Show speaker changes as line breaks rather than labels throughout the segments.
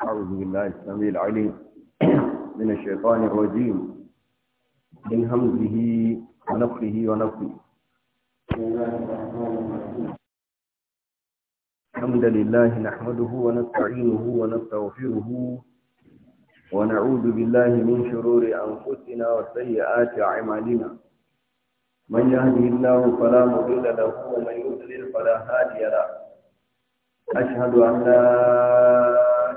أعوذ بالله السميع العليم من الشيطان الرجيم من همزه ونفخه ونفخه الحمد لله نحمده ونستعينه ونستغفره ونعوذ بالله من شرور أنفسنا وسيئات أعمالنا من يهده الله فلا مضل له ومن يضلل فلا هادي له أشهد أن لا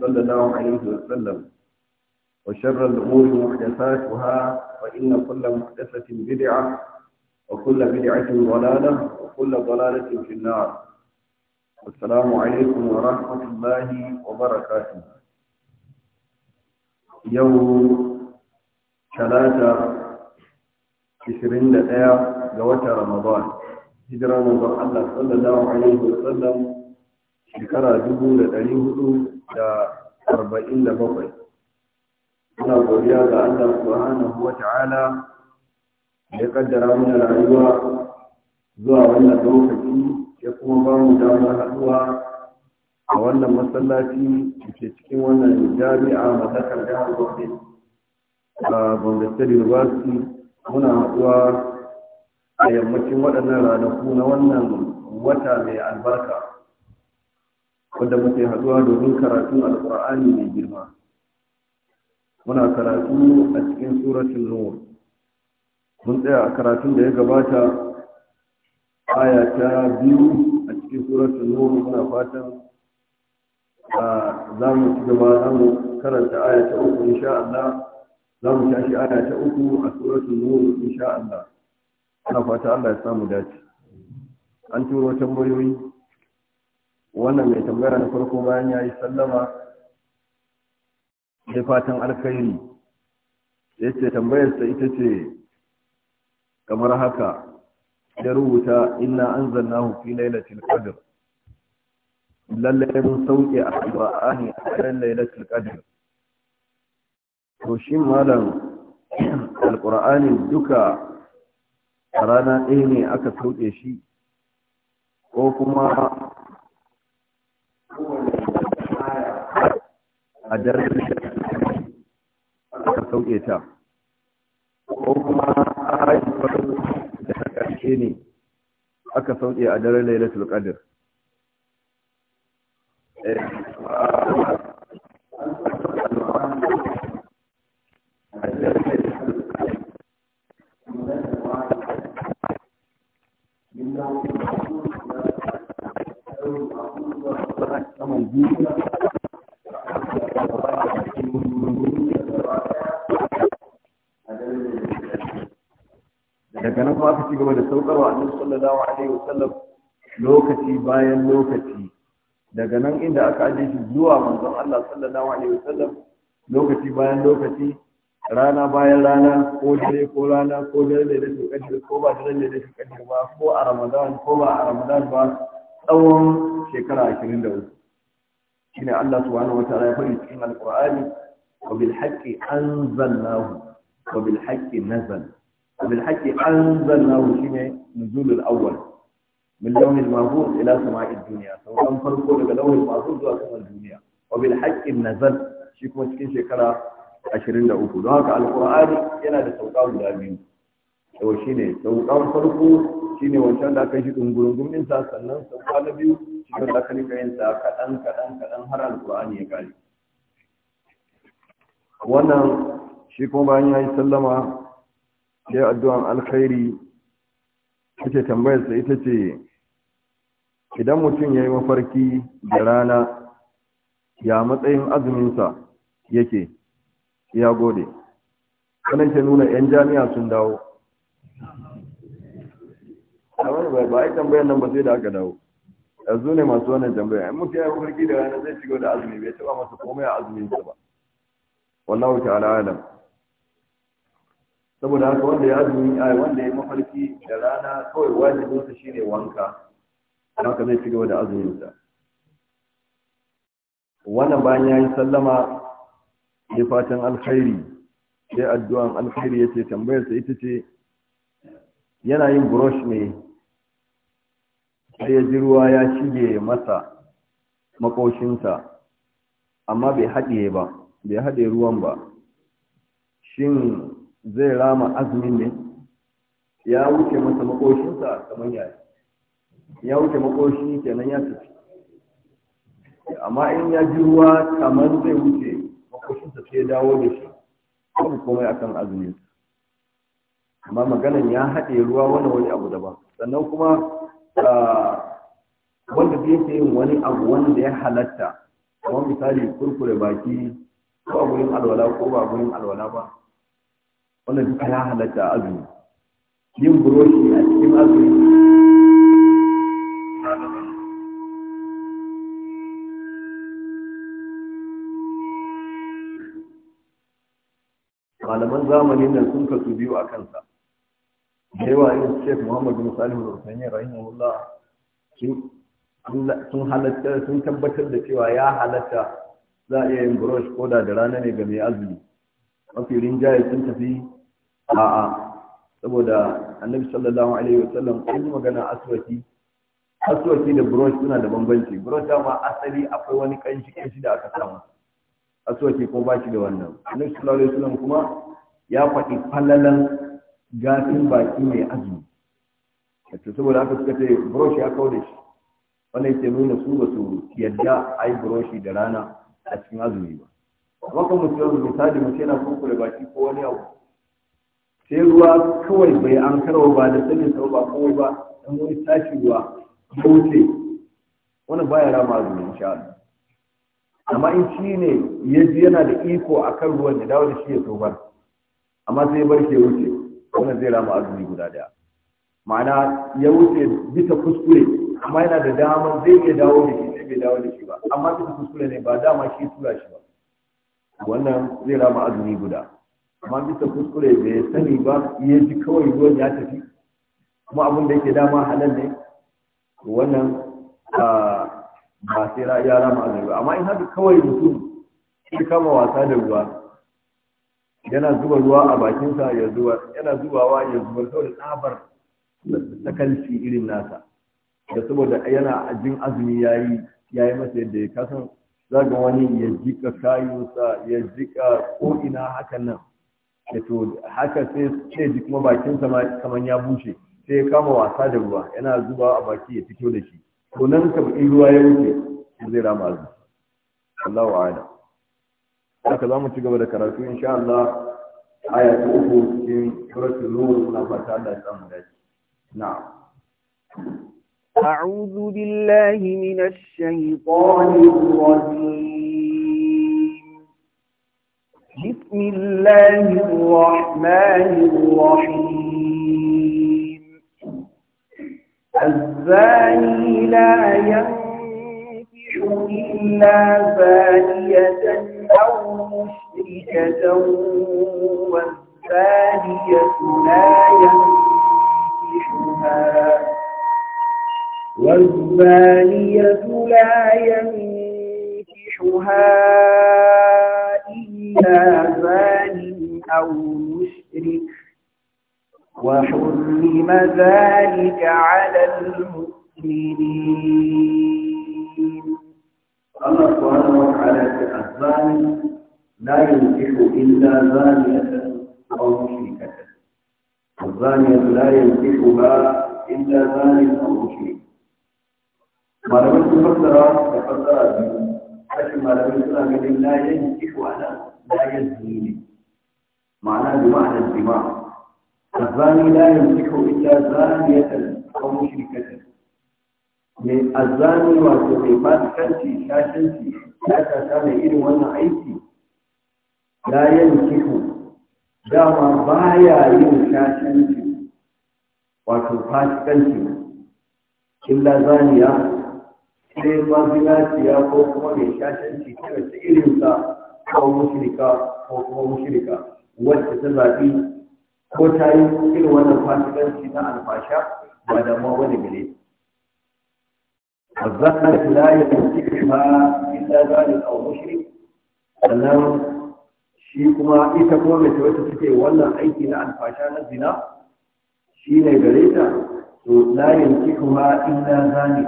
صلى الله عليه وسلم وشر الأمور محدثاتها فإن كل محدثة بدعة وكل بدعة ضلالة وكل ضلالة في النار والسلام عليكم ورحمة الله وبركاته يوم ثلاثة 21 ga رمضان هجرة من الله صلى الله عليه وسلم shekara dubu da ɗari hudu da arba'in da bakwai muna godiya ga allah subhanahu wa ta'ala ya kaddara mana rayuwa zuwa wannan lokaci ya kuma ba mu damar haɗuwa a wannan masallaci da ke cikin wannan jami'a
mallakar jihar Gombe
a Gombe University muna haɗuwa a yammacin waɗannan ranaku na wannan wata mai albarka wanda muke haduwa domin karatun alkur'ani mai girma muna karatu a cikin suratun nur mun tsaya a karatun da ya gabata aya ta biyu a cikin suratun nur muna fatan za mu ci gaba za mu karanta aya ta uku insha Allah za mu tashi aya ta uku a suratun nur insha Allah ana fata Allah ya samu dace an turo tambayoyi wannan mai tambaya na farko bayan ya yi sallama da fatan alkhairi ya ce tambayarsa ita ce kamar haka ya rubuta inna an zanna fi lailatul qadr lallai mun sauke a alƙur'ani a kan lailatul qadr to shi malam alƙur'ani duka rana ɗaya ne aka sauke shi ko kuma a darajar da aka sauke ta ko kuma ayyukan da ƙarshe ne aka sauke a daren lailatul qadr eh. ci gaba da saukarwa annabi sallallahu alaihi wasallam lokaci bayan lokaci daga nan inda aka aje shi zuwa manzon Allah sallallahu alaihi wasallam lokaci bayan lokaci rana bayan rana ko dare ko rana ko dare da rashin kadir ko ba dare da rashin kadir ba ko a Ramadan ko ba a Ramadan ba tsawon shekara 23 shine Allah subhanahu wataala ya faɗi cikin alqur'ani wa bil haqqi anzalnahu wa bil haqqi nazala bil haqqi anzalnahu shine nuzulul awwal min lawhil mahfuz ila sama'id dunya sauran farko daga lawhil mahfuz zuwa saman duniya wa bil haqqi nazal shi kuma cikin shekara 23 don haka alqur'ani yana da sauka guda biyu to shine saukan farko shine wancan da aka yi dungurungun din sa sannan sauka na biyu cikin da aka rika yin sa kadan kadan kadan har alqur'ani ya kare wannan shi kuma bayan ya yi sallama ya addu'an alkhairi tambayar tambayarsa ita ce idan mutum ya yi mafarki da rana ya matsayin azuminsa yake ya gode kanan ke nuna 'yan jami'a sun dawo ba a yi tambayar nan ba sai da aka dawo yanzu ne masu wannan tambaya in mutum ya yi mafarki da rana zai shigo da azumi bai taba masa komai a azuminsa ba wallahu ta'ala alam saboda haka wanda ya azumi ai wanda ya mafarki da rana kawai wajibinsa shine wanka haka zai ci gaba da azuminsa wannan bayan ya yi sallama ya fatan alkhairi sai addu'an alkhairi ya ce sa ita ce yana yin brush ne sai ya ji ruwa ya shige masa makoshinsa amma bai haɗe ba bai haɗe ruwan ba shin zai rama azumin ne ya wuce masa makoshinsa kamar yaya ya wuce makoshi kenan ya tafi amma in ya ji ruwa kamar zai wuce makoshinsa sai ya dawo da shi babu komai akan azumin amma maganan ya haɗe ruwa wani wani abu daban sannan kuma ah, wanda zai ke yin wani abu wanda ya halatta kamar misali kurkure baki ko abu yin alwala ko ba abu yin alwala ba wannan duka ya halatta a azumi yin buroshi a cikin azumi malaman zamanin nan sun kasu biyu a kansa da yawa yin shek muhammadu musali hussaini rahimahullah sun halatta sun tabbatar da cewa ya halatta za a iya yin burosh koda da rana ne ga mai azumi mafi rinjaye sun tafi a'a saboda annabi sallallahu alaihi sallam kun magana aswaki aswaki da brush suna da bambanci brush dama asali akwai wani kanshi kanshi da aka samu aswaki ko ba shi da wannan annabi sallallahu alaihi sallam kuma ya faɗi falalan gafin baki mai azumi wato saboda haka suka ce brush ya kawo da shi wannan yake nuna su ba su yadda a yi buroshi da rana a cikin azumi ba amma kuma mutum misali mutum yana kurkure baki ko wani abu sai ruwa kawai bai an karawa ba da sanin sau ba kawai ba dan wani tashi ruwa kawai wuce wani baya rama zuwa insha Allah amma in shi ne ya ji yana da iko a kan ruwan da dawo da shi ya tobar amma sai ya bar ke wuce wannan zai rama azumi guda daya ma'ana ya wuce bisa kuskure amma yana da dama zai iya dawo da shi sai bai dawo da shi ba amma bisa kuskure ne ba dama shi tura shi ba wannan zai rama azumi guda amma bisa kuskure bai sani ba ya ji kawai ruwan ya tafi kuma abin da yake dama halal ne wannan ba sai ya rama ba amma in haka kawai mutum shi kama wasa da ruwa yana zuba ruwa a bakinsa ya zubar yana zubawa ya zubar saboda tsabar sakalci irin nasa da saboda yana jin azumi yayi yayi masa yadda ya kasan zaga wani ya jika kayunsa ya jika ko ina hakan nan to haka sai sai ji kuma bakin sa kaman ya bushe sai ya kama wasa da ruwa yana zuba a baki ya fito da shi to nan ka bi ruwa ya wuce zai rama azu Allahu a'ala haka za mu ci gaba da karatu insha Allah aya ta uku cikin suratul nur na fata ya samu dace na'am
أعوذ بالله من الشيطان الرجيم بسم الله الرحمن الرحيم الزاني لا ينكح إلا زانية أو مشركة والزانية لا ينكحها
والزانية
لا ينكحها إلى أو مشرك
وحرم ذلك
على المؤمنين الله سبحانه وتعالى
الظالم لا ينكح إلا زانية أو مشركة الزانية لا ينكحها إلا زانية أو مشرك ما لم فترة تفسر rashin malamin suna ganin layan iku a nan layan zini ne ma'ana jima a nan jima zani layan iku ita zaniyatar kawo shirkatar mai zani wato mai fasikanci shashanci ya tasa mai irin wannan aiki layan iku dama baya yin shashanci wato fasikanci illa zaniya sai mazinaciya ko kuma mai shashanci kada irinsa ko mushrika ko kuma mushrika wacce ta zaɓi ko ta yi irin wannan fasikanci na alfasha ba da ma wani gare والذكر لا يمسكها إلا ذلك أو مشرك sannan shi kuma ita kuma mai wacce suke wannan aiki na alfasha na zina
shi ne gare ta to la yanki kuma illa zani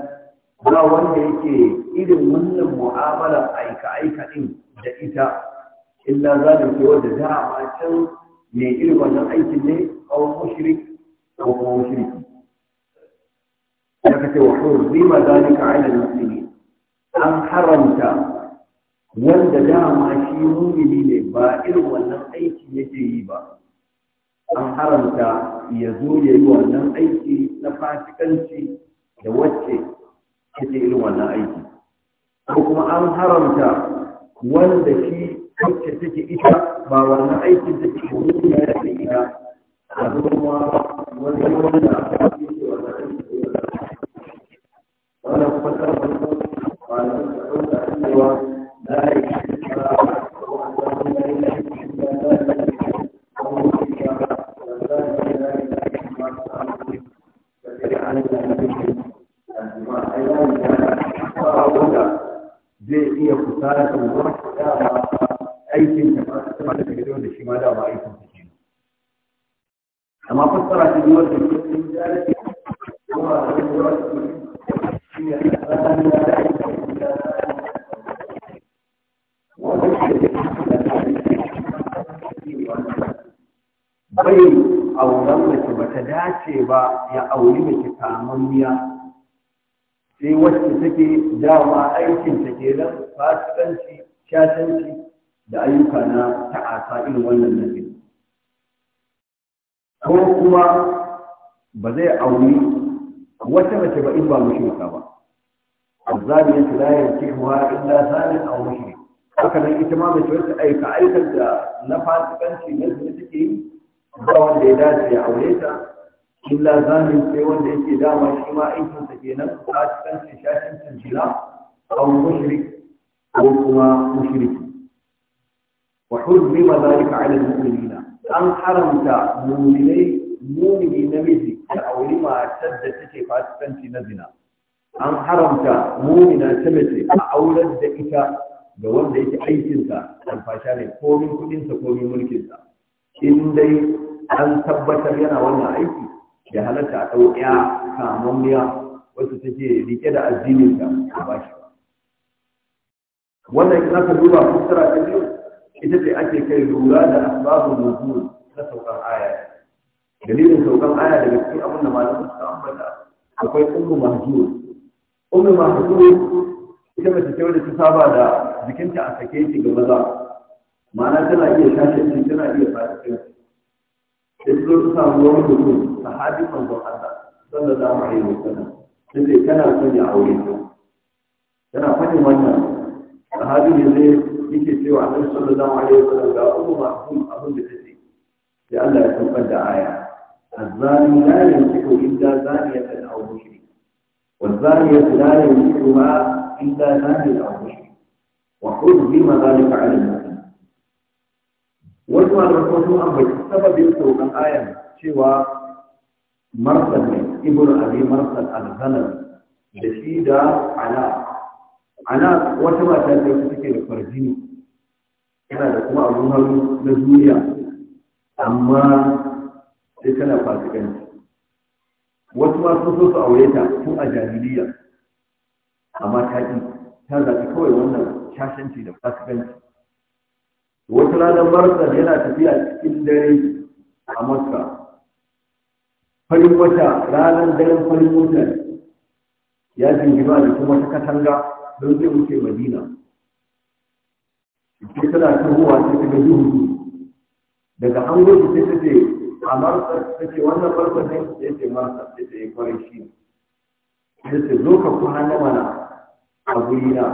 ba wanda yake irin wannan mu'amalar aika-aika ɗin da ita illa za da ke wanda za a mai irin wannan aikin ne a wani mushrik ko kuma mushriki ya kace wa hurrima zalika ala muslimin an haramta wanda dama shi mumini ne ba irin wannan aiki yake yi ba an haramta ya zo ya yi wannan aiki na fasikanci da wacce suke irin wannan aiki ko kuma an haramta wanda shi wacce take ita ba wannan aikin take da ya ita a zama wani wanda dama aikinta nan fasikanci shatanci da ayyuka na ta'asa irin wannan nabi ko kuma ba zai auri wata mace ba in ba mushrika ba azzani ya la in illa zalin aw mushrik haka nan ita ma mace wacce aika aikar da na fasikanci na take yi ba wanda ya dace ya aure ta illa zalim sai wanda yake dama shi ma aikinsa ke nan? ta cikin shashin tunjila aw mushrik ko kuma mushriki wa hurrima dhalika ala almu'minina an haramta mu'minai mu'mini namiji da auri matar da take fasikanci na zina an haramta mu'mina ta mace a aurar da ita ga wanda yake aikinsa fasha ne komin kudinsa komin mulkinsa in dai an tabbatar yana wannan aiki da halatta a ɗau'ya ɗaya miya wacce take rike da addinin ta a bashi wannan ina ka duba fassara ta biyu ita ce ake kai lura da asbabu nuzul na saukan aya dalilin saukan aya daga cikin abin da malamin suka ambata akwai ummu mahjur ummu mahjur ita mace ce wadda ta saba da jikinta a sake shi ga maza ma'ana tana iya shashe tana iya fasikin in zo ka samu wani mutum sahabi manzon za mu alaihi wasallam sai dai kana son ya aure ka yana fadin wannan sahabi ne zai yake cewa Allah sallallahu alaihi wasallam ga ummu abin da ce, sai Allah ya saukar da aya الزاني لا ينكح إلا زانية أو مشرك والزانية لا ينكحها إلا زاني أو مشرك وحرم ذلك على الناس wasu malamai ko sun ambaci sababin saukan ayan cewa marsal ne ibnu abi marsal al-ghanam da shi da ala ana wata mata ce wacce take da farjini yana da kuma abun hannu na duniya amma sai tana fasikanci wasu ma sun so su aure ta tun a jahiliya amma ta ki ta zaɓi kawai wannan shashanci da fasikanci wata ranar barkan yana tafiya cikin dare a makka farin wata ranar daren farin wata ya jingima da kuma ta katanga don zai wuce madina ke tana tahowa ta gaji hudu. daga an ta ce a marsa ta ce wannan farko ne ya ce marsa ta ce ya kwarai shi ya ce zo ka kuma na mana a gurina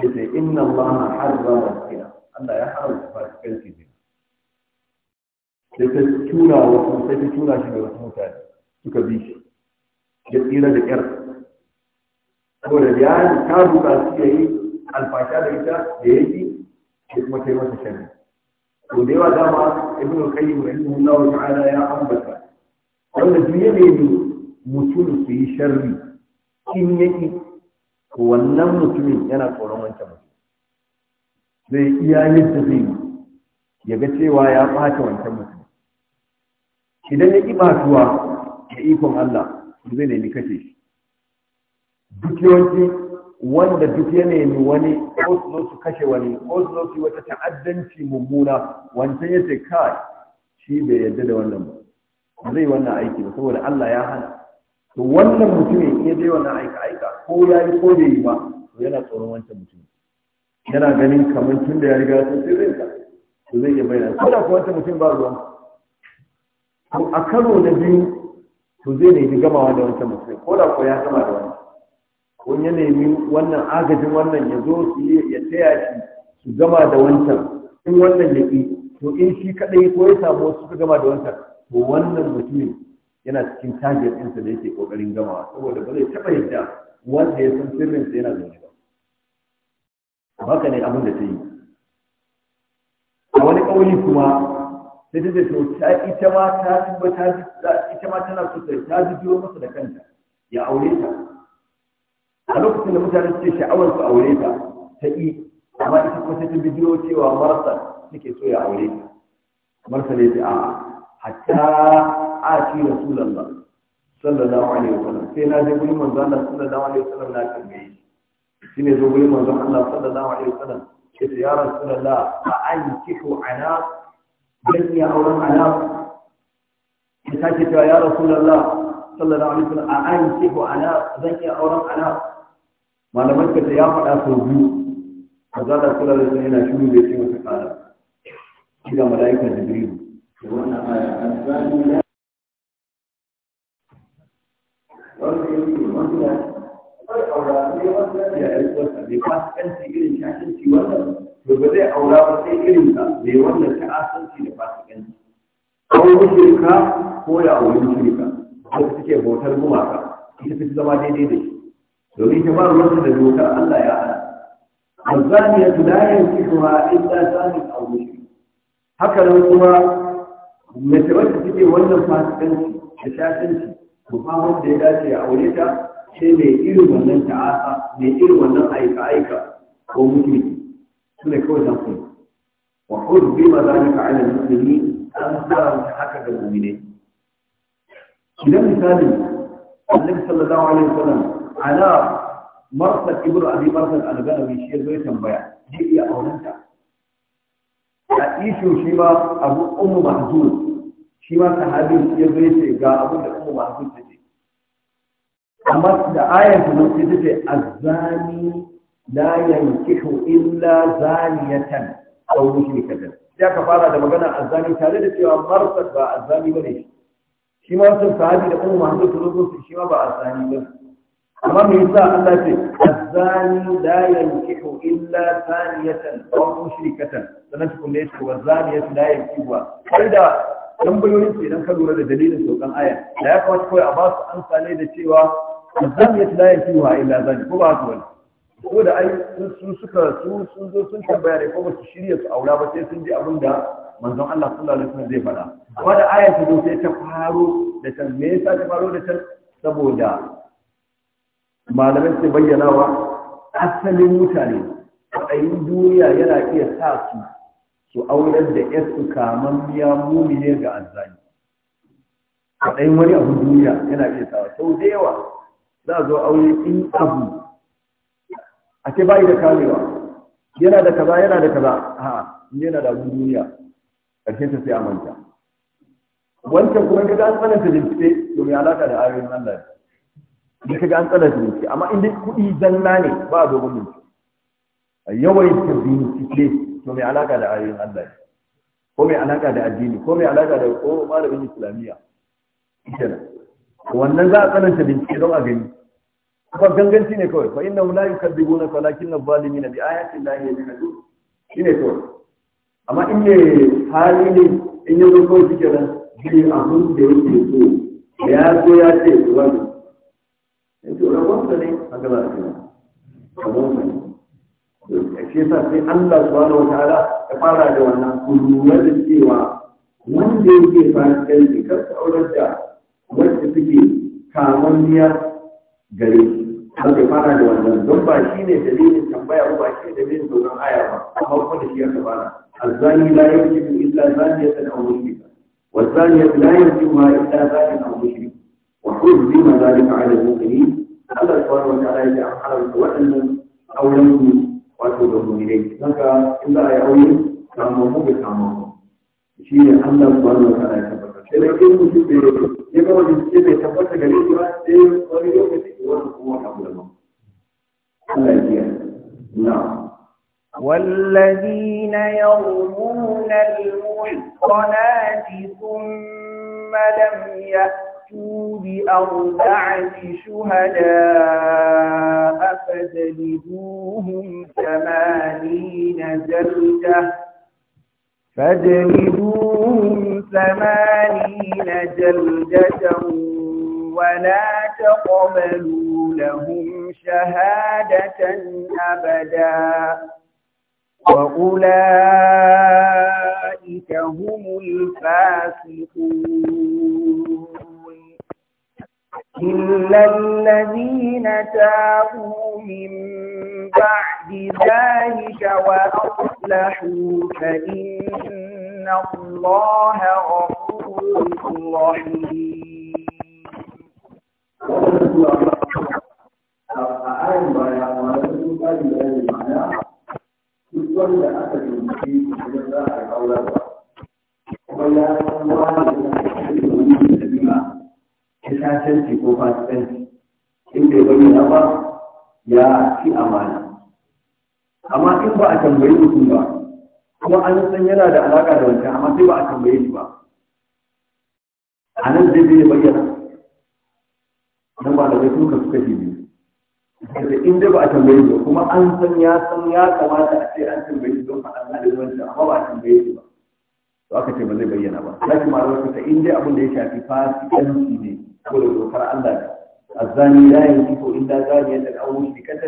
ya ce inna allaha harba wa tsira Allah ya haramta fasikan su zina sai ta tura wasu sai ta tura shi da wasu mutane suka bi shi ya tsira da ƙyar saboda ya ta buga su ya yi alfasha da ita da ya yi sai kuma ta yi masa shan. to da yawa dama ibnu qayyim rahimahullahu ta'ala ya ambata wanda duk ya mutum su yi sharri in yake wannan mutumin yana tsoron wancan mutum zai iya yin zai ya ga cewa ya ɓata wancan mutum idan ya ƙi ɓatuwa da ikon Allah zai nemi kashe shi duk yawanci wanda duk ya nemi wani ko su su kashe wani ko su zo su wata ta'addanci mummuna wancan ya ce kai shi bai yarda da wannan ba zai wannan aiki ba saboda Allah ya hana to wannan mutumin ya je wannan aika aika ko ya yi ko bai yi ba to yana tsoron wancan mutum yana ganin kamar tun da ya riga sun sirrin ka to zai iya bayyana ko da kuwa wata mutum ba ruwan to a karo na biyu to zai nemi gamawa da wancan mutum ko da kuwa ya gama da wani ko ya nemi wannan agajin wannan ya zo su yi ya taya shi su gama da wancan in wannan ya ƙi to in shi kaɗai ko ya samu wasu su gama da wancan to wannan mutumin yana cikin target ɗinsa da yake ƙoƙarin gamawa saboda ba zai taɓa yadda wanda ya san sirrinsa yana zaune ba haka ne abin da ta yi a wani ƙauli kuma sai ta ce to ita ma ta tabbata ita ma tana so ta biyo masa da kanta ya aure ta a lokacin da mutane suke sha'awar su aure ta ta yi amma ita kuma sai ta bidiyo cewa marasa suke so ya aure ta marasa ne ta a hatta a ci rasulallah sallallahu alaihi wasallam sai na je gurin manzo Allah sallallahu alaihi wasallam na tambaye shine zo gurin manzon Allah sallallahu alaihi wasallam ya ce ya rasulullah fa ana dan ya auren ana sake cewa ya rasulullah sallallahu alaihi wasallam a ankihu ana zan ya auren ana malaman ka ya faɗa sau biyu yana shiru masa kara shi da malaika jibril wannan kar aura irin to ba zai aura ba sai irin ka bai wannan ta asanci da fasikanci ko ka ko ya auri mushrika ko suke bautar gumaka ita fi zama daidai da shi domin ta ba ruwan da dokar Allah ya hana الزانية لا ينكحها إلا زان أو Haka هكذا kuma mace wacce take wannan fasikanci da shafinci, to fa wanda ya dace a aure ta Shi ne irin wannan ta'asa mai irin wannan aika-aika ko mutum su ne kawai za ku wa kudu bi ma za ka ala musulmi an saranta haka ga mu'minai idan misali annabi sallallahu alaihi wasallam ala marsal ibnu abi marsal al-ganawi shi ya zai tambaya zai iya aurenta a ishu shi ma abu ummu mahzun shi ma sahabi shi zai ce ga abin da ummu mahzun ta amma da ayan ta nan ta ce azani la yankihu illa zaniyatan aw mushrikatan sai aka fara da magana azani tare da cewa marsad ba azani bane shi shi ma sun sahabi da umma hanzu su rubu shi ma ba azani ba amma me yasa Allah ce azani la yankihu illa zaniyatan aw mushrikatan sanan tukun da yake wa zaniyatu la yankihu sai da tambayoyin ke nan ka lura da dalilin saukan aya da ya kamata kawai a ba su amsa ne da cewa zan yi tilayen fiwa illa zan ko ba su wani ko da ai sun suka su sun zo sun tambaya ne ko ba su shirya su aura ba sai sun ji abin da manzon Allah sallallahu alaihi wasallam zai faɗa Amma da ayar ta zo sai ta faro da can me yasa ta faro da can saboda malamai su bayyana wa asalin mutane kwaɗayin duniya yana iya sa su su aurar da yasu kaman biya mumiye ga azzani Kaɗai wani abu duniya yana iya sa sau da yawa za a zo aure in abu a ce bayi da kamewa yana da kaza yana da kaza ha yana da abin duniya ƙarshen ta sai a manta wancan kuma kaga an tsananta bincike to mai alaƙa da ayoyin Allah ne kaga an tsananta bincike amma in dai kuɗi zanna ne ba a dogon yawai ta bincike to mai alaƙa da ayoyin Allah ne ko mai alaƙa da addini ko mai alaƙa da ko malamin islamiyya kenan wannan za a tsananta bincike don a gani ba ganganci ne kawai fa innahu la yukadzibuna walakinna adh-dhalimina bi ayati llahi shi shine kawai amma in ne hali ne in yi zo kawai suke nan bi abun da yake so ya zo ya ce wani ya ce rabonsa ne a gaba a ce rabonsa ne ce sa sai Allah wani wata ala ya fara da wannan kulluwa da cewa wanda yake fasikanci kar ka aurar da wacce suke kamar niyyar gare har da fara da wannan don ba shi ne dalilin tambaya ba shi ne dalilin sauran aya ba amma ko da shi ya kamana azani la yajibu illa zani ya sana mushrika wa zani la yajibu ma illa zani na mushrika wa kullu bi ma zalika ala mu'minin Allah subhanahu wa ta'ala ya haramta wannan auren wato da mu ne naka in za a yi aure kamar mu ga kamar mu shi ne Allah subhanahu wa ta'ala idan kai mutum da ya ga wajen ce bai tabbata gare shi ba sai wani lokaci wani kuma abu da Allah ya kiyaye na'am
والذين يرمون المحصنات ثم لم يأتوا بأربعة شهداء فجلدوهم ثمانين جلدة فاجلدوهم ثمانين جلدة ولا تقبلوا لهم شهادة أبدا وأولئك هم الفاسقون إلا الذين تابوا من بعد ذلك وأصلحوا فإن الله غفور
رحيم Thank you. ta ko fasikanci in bai bayyana ba ya ci amana amma in ba a tambayi mutum ba kuma an san yana da alaƙa da wancan amma sai ba a tambaye shi ba a nan zai zai bayyana nan ba da zai suka suka shi biyu da in dai ba a tambaye ba kuma an san ya san ya kamata a ce an tambaye shi don faɗa na da wancan amma ba a tambaye shi ba to aka ce ba zai bayyana ba lakin malamai suka in dai abin da ya shafi fasikanci ne saboda dokar Allah ne الزاني لا ينكح إلا زانية أو مشركة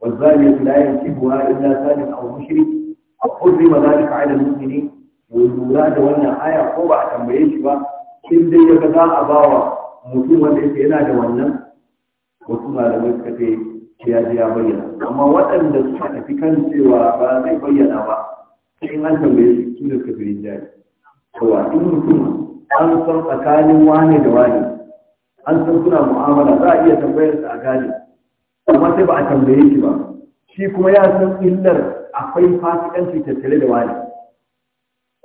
والزانية لا ينكحها إلا زان أو مشرك وحرم ذلك على lura da wannan aya ko ba a tambaye shi ba in dai yaga za a ba wa mutum wanda yake yana da wannan wasu malamai suka ce ya ji ya bayyana amma waɗanda suka tafi kan cewa ba zai bayyana ba sai an tambaye shi su da suka fi rinjaye to in mutum an san tsakanin wane da wane an san suna mu'amala za a iya tambayar a gane amma sai ba a tambaye shi ba shi kuma ya san illar akwai fasikanci tattare da wani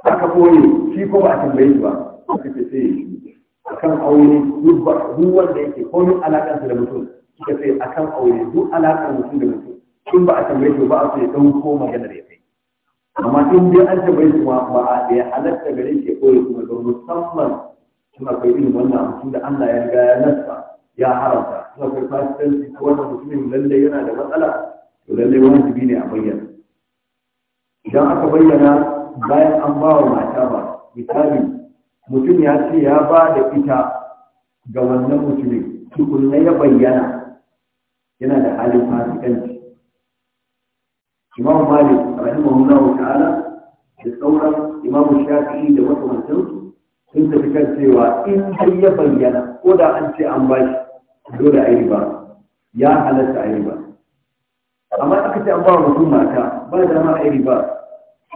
aka koye shi ko ba a tambaye shi ba aka ce sai shi akan aure duk wanda yake komai alakansa da mutum suka ce akan aure duk alaƙar mutum da mutum in ba a tambaye shi ba a so ya ɗauko maganar ya kai amma in dai an tambaye shi ba a da ya halatta gare shi ya kuma don musamman suna kai irin wannan abu da Allah ya riga ya nasta ya haramta suna kai fasikanci ko wannan mutumin lallai yana da matsala to lallai wajibi ne a bayyana idan aka bayyana bayan an ba wa mata ba misali mutum ya ce ya ba da ita ga wannan mutumin tukunna ya bayyana yana da halin fasikanci imam malik rahimahullahu ta'ala da sauran imam shafi'i da wasu sun tafi kan cewa in dai ya bayyana ko da an ce an bashi dole a yi ba ya halatta a yi ba. amma aka ce an ba wa mutum mata ba da ma a yi ba.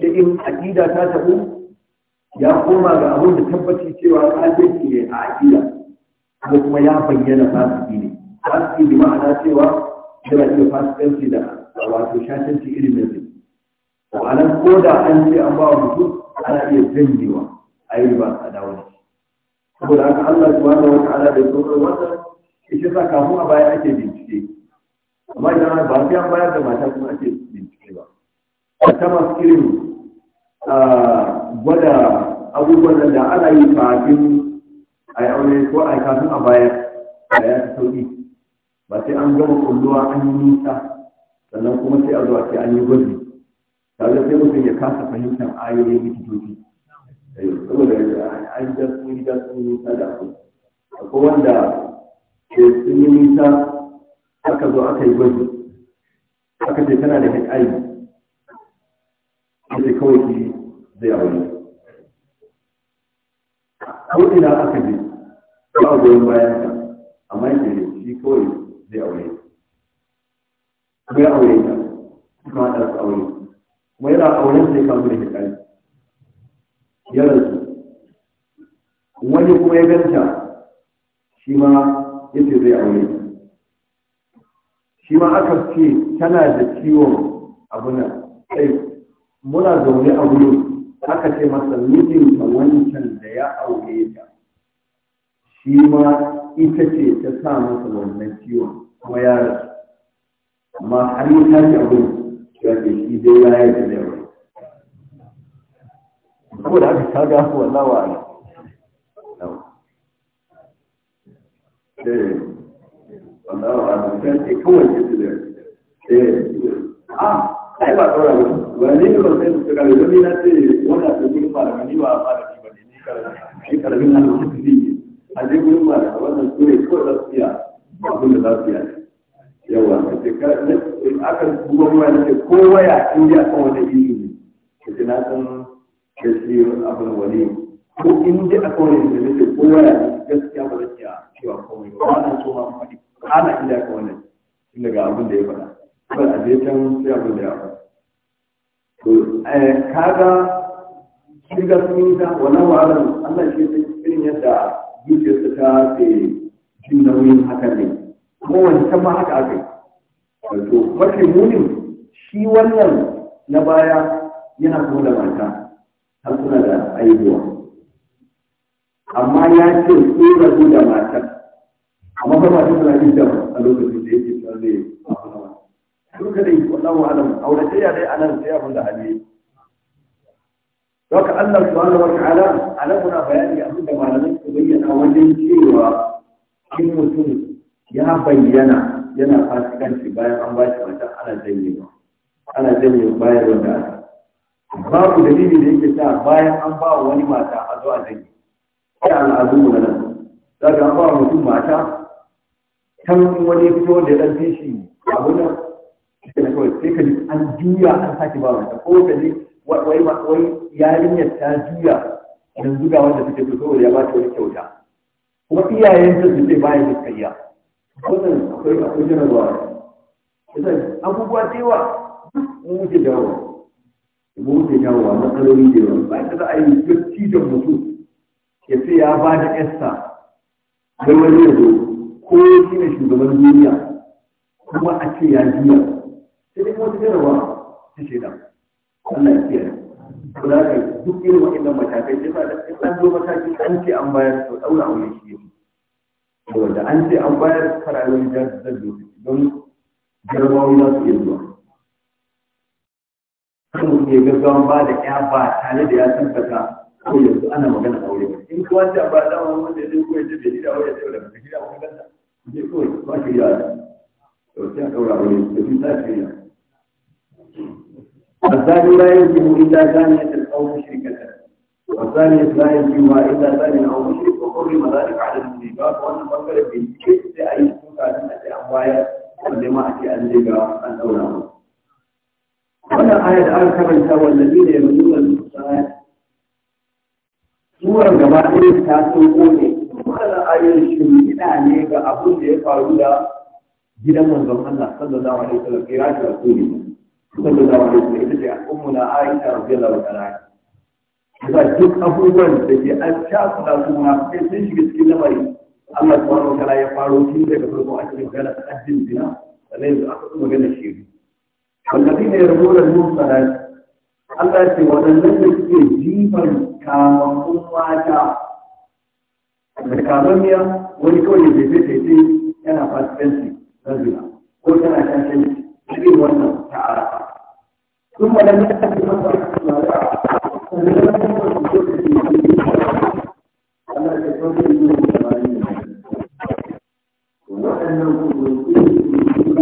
da in aƙida ta taɓu ya koma ga abin da tabbaci cewa kafirci ne a aƙida ko kuma ya bayyana fasiki ne fasiki bi ma'ana cewa yana iya fasikanci da wato shashanci irin na zai ko anan ko da an ce an ba wa mutum ana iya janyewa ayi ba a dawo da saboda haka Allah subhanahu wa ta'ala da tsoron wannan ita sa kafin a baya ake bincike
amma idan ba sai an bayar da mata
kuma ake bincike ba ta masu irin gwada abubuwan nan da ana yi kafin a yi aure ko a kafin a baya a ya ta sauki ba sai an gama kulluwa an yi nisa sannan kuma sai a zuwa sai an yi gwaji kaga sai mutum ya kasa fahimtar ayoyin likitoci Eh, saboda an ja sun yi ja sun yi da su akwai wanda ke sun yi nisa aka zo aka yi gwaji aka ce tana da hiv sai kawai ki zai aure ko ina aka je ba a goyon bayan ka amma yake shi kawai zai aure kuma ya aure ta kuma haɗa su aure kuma yana auren sai kamar da hiv ya rasu wani kuma ya ganta shi ma ya ce zai aure shi ma aka ce tana da ciwon abuna sai muna zaune a wuri aka ce masa mijinta wancan da ya aure ta shi ma ita ce ta sa masa wannan ciwon kuma ya rasu amma har yi tashi abin ya ce shi dai ya yi da yawa saboda haka ka ga wallahi wa ala
eh wallahi wa ala kan ce
kawai da eh, ah ai ba tsora wani ne ba sai su kare da ni na ce wannan da gurin malami ni ba ba da ni kare ni kare ni na su a je gurin malami wannan ko da su iya abin da za su iya yawa a shekara aka kuma ruwa ne ko waya in ya kan wani ilimi na san wani, ko يصير أبو الولي وإن دي أكون يسلسل أولا gaskiya ba zan iya cewa komai ba ba na so ma faɗi ana illa ka wannan tun daga abin da ya faɗa ba a je can sai abin da ya faɗa to eh, kaga kin ga sun yi ta wannan wa'adan Allah shi ya irin yadda zuciyarsa ta ke jin nauyin hakan ne kuma wani can ma haka aka yi to mafi munin shi wannan na baya yana kuma da mata har da aibuwa amma ya ce su su da matar amma ba matar suna jin da a lokacin da yake tsar da ya su ka dai wannan wa'alam auratayya dai a nan sai abin da hali Doka Allah wani wa ala a nan kuna bayani abin da malamai su bayyana wajen cewa in mutum ya bayyana yana fasikanci bayan an ba shi wata ana ba ana janye bayan wanda babu dalili da yake sa bayan an ba wani mata a zuwa dangi sai al'adu na nan za ka an ba mutum mata Kan wani fito da ɗan fishi abu nan sai kawai sai ka ji an juya an sake ba mata ko ka ji wai yarinyar ta juya yanzu ga wanda suke so saboda ya ba ta wani kyauta kuma iyayen ta su ce bayan gaskiya wannan akwai akwai jarabawa yasa abubuwa da yawa mu wuce jawo mu da yawa matsaloli da yawa ba ta za a yi gaci da mutum ya ce ya ba da esta da wani yanzu ko shi ne shugaban duniya kuma a ce ya jiya sai dai wata jarawa ta shaida Allah ya kiyaye ko da ka duk irin waɗannan matakai sai ba da an zo mataki an ce an bayar to daura aure shi ne wanda an ce an bayar karayuwar jihar zan zo don jarabawa za su iya zuwa kan ya gaggawan ba da ya ba tare da ya tabbata ko yanzu ana magana aure ba in ka wanda ba da wani wanda zai koyar da bai da aure da ba gida wani zai koyi ba ki da to sai ka aure aure da kin ya الثاني لا يجب إلا ثانية أو مشركة والثانية لا يجب إلا ثانية أو مشرك وحرم ذلك على المشركات وأن المنكر بالشرك أي شرك على الأموال ولما أتي أن يجب أن wannan ayar da aka karanta wallabi da ya mutu wani musaya suwar gaba ɗaya ta sauko ne wannan ayar shimfiɗa ne ga abin da ya faru da gidan manzon Allah sallallahu alaihi wasallam kira shi da rasuli sallallahu alaihi wasallam ita ce ummu na Aisha radiyallahu anha da. duk abubuwan da ke an sha su da su na sai sun shiga cikin lamari Allah subhanahu wa ta'ala ya faro tun daga farko a cikin magana addin zina sannan yanzu aka magana shi والذين يرمون المنصرات التي وننمت في جيبا كامل واجع الكامل يا ولكل جيبتي تي انا فات فنسي رجلا قلت انا كان فنسي تبين وانا تعالى
ثم لم يكن في مصر حسنا لا ونحن نقول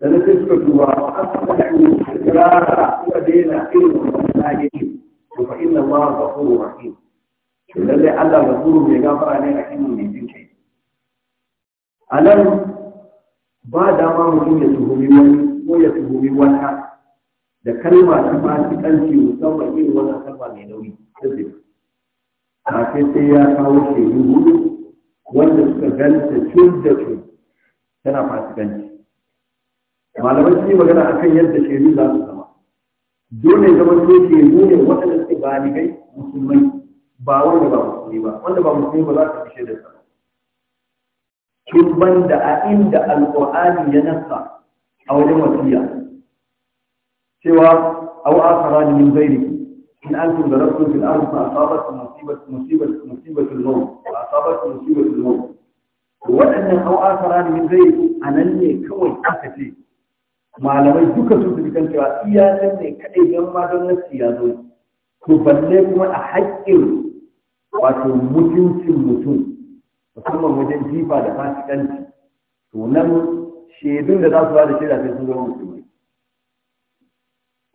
da na sai suka duba an suka hanyu kuma suka daina irin wannan lahiri to fa inna ma ghafurur rahim
to lalle Allah
ghafuru mai gafara ne rahimu mai jin kai anan ba dama mutum ya tuhumi wani ko ya tuhumi wata da kalma ta fasikanci musamman irin wannan kalma mai nauyi sai kafin sai ya kawo shaidu hudu wanda suka ganta cin da cin tana fasikanci malamai sun yi magana kan yadda shaidu za su zama dole ya zama to ke nune waɗanda ni kai musulmai ba wanda ba musulmi ba wanda ba musulmi ba za su fi shaidar sa kin ban da a inda alqur'ani ya nasa a wajen wasiya cewa au asara min ghairihi إن أنتم ضربتم في الأرض فأصابتكم da مصيبة مصيبة الموت فأصابتكم مصيبة الموت وأن أو آخران من غيركم أنا اللي كوي malamai duka su tafi kan cewa iya nan ne kaɗai don ma don nasi ya zo to balle kuma a haƙƙin wato mutuncin mutum musamman wajen jifa da fasikanci to nan shedun da za su bada shaida sai sun zama musulmai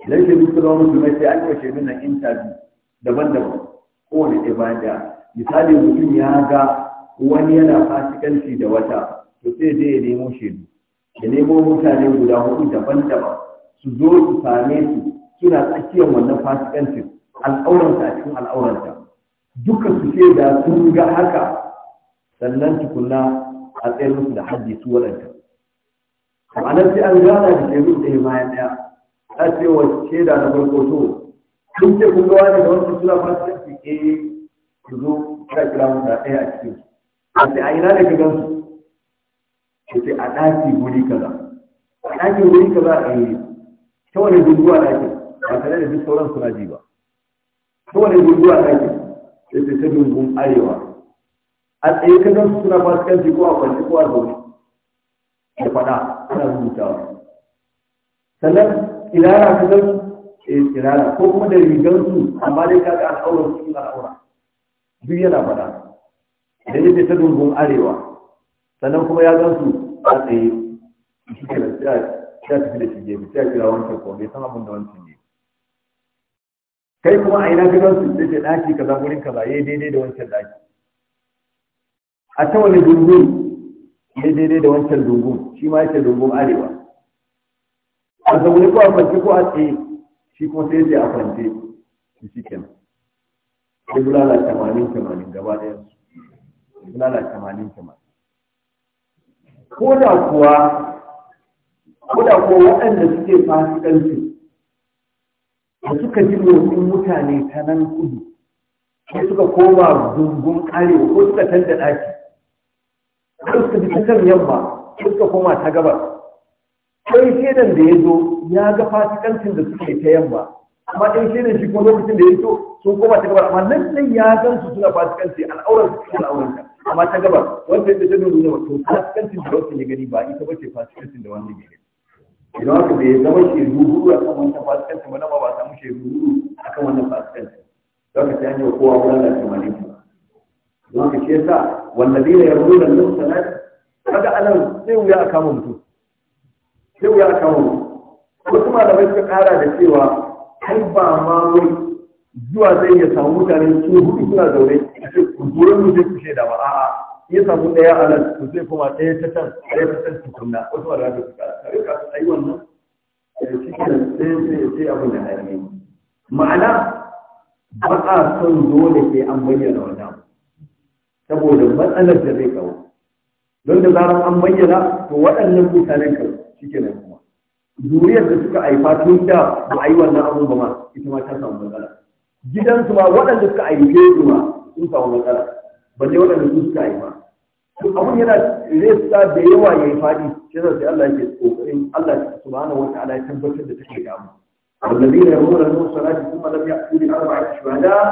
idan shedun sun zama musulmai sai an yi wa shedun nan intabi daban-daban kowane ɗaya bayan ɗaya misali mutum ya ga wani yana fasikanci da wata to sai dai ya nemo shedun da nemo mutane guda hudu daban-daban su zo su same su suna tsakiyar wannan fasikancin al'auranta a cikin al'auranta duka su ce da sun ga haka sannan tukuna a tsayar musu da hajji su waɗanda ma'anar sai an gana da shaidu ɗaya bayan ɗaya ta ce wa shaida na farko so kun ce kun gawa ne da wancan suna fasikanci eh su zo kira kira mu da ɗaya a cikin a sai a ina da ka gansu sai a ɗaki guri kaza a ɗaki guri kaza a eh, yi ta wani gunguwa ɗaki ba tare da duk sauran suna ji ba ta wani gunguwa ɗaki sai sai ta gungun arewa a tsaye ka gan suna fasikanci ko a kwanci ko a zaune da faɗa ana rubutawa sannan tsirara ka gan eh, tsirara ko kuma da rigansu amma dai ka ga su suna al'aura duk yana faɗa idan ya ce ta dungun arewa sannan kuma ya gan su a tsaye shi ke da ta tafi da shi gefe ta kira wancan ko bai san abin da wancan ne kai kuma a ina gidan su sai ce daki kaza gurin kaza yayi daidai da wancan daki a ta wani dungun yayi daidai da wancan dungun shi ma yake dungun arewa a zaune ko a kwance ko a tsaye shi kuma sai ce a kwance shi shi kenan sai bulala tamanin tamanin gaba ɗayan su bulala tamanin tamanin ko da kuwa ko da kuwa waɗanda suke fasikanci da suka ji motsin mutane ta nan kudu sai suka koma gungun arewa ko suka canza ɗaki ko suka ji ta kan yamma ko suka koma ta gabas sai shaidan da ya zo ya ga fasikancin da suke ta yamma amma ɗin shi ne shi kuma lokacin da ya so sun koma ta gabar amma nan ɗan ya san su suna fasikanci al'aurar su suna al'aurar amma ta gabar wanda ya ta nuna wato fasikancin da wasu ya gani ba ita ba ce fasikancin da wanda ya gani idan haka da ya zama shi ruru a kan wancan fasikancin ba na ba ba samu shi ruru a kan wannan fasikancin za ka ta hanyar kowa wurin da kuma ne don haka shi sa wanda zai ya ruru da nan sanar kaga anan sai wuya a kama mutum sai wuya a kama mutum wasu malamai suka kara da cewa har ba ma wai zuwa zai ya samu mutane su hudu suna zaune a ce mu zai kushe da ba a'a ya samu ɗaya a nan zai kuma ɗaya ta can ɗaya ta can kunna wasu ba da su kara kare ka ai wannan cikin eh, ke sai sai sai abin da hali ma'ana ba a son dole sai an bayyana wannan saboda matsalar da zai kawo don da zarar an bayyana to waɗannan mutanen kan cikin ke duniyar da suka haifa tun da ba a yi wannan abun ba ma ita ma ta samu matsala gidansu ma waɗanda suka haife su ma sun samu matsala ne waɗanda su suka haifa abun yana resa da yawa ya yi faɗi shi zai Allah ke kokarin Allah subhanahu wa ta'ala ya tabbatar da take da mu والذين يرمون المرسلات ثم لم يأتوا بأربعة شهداء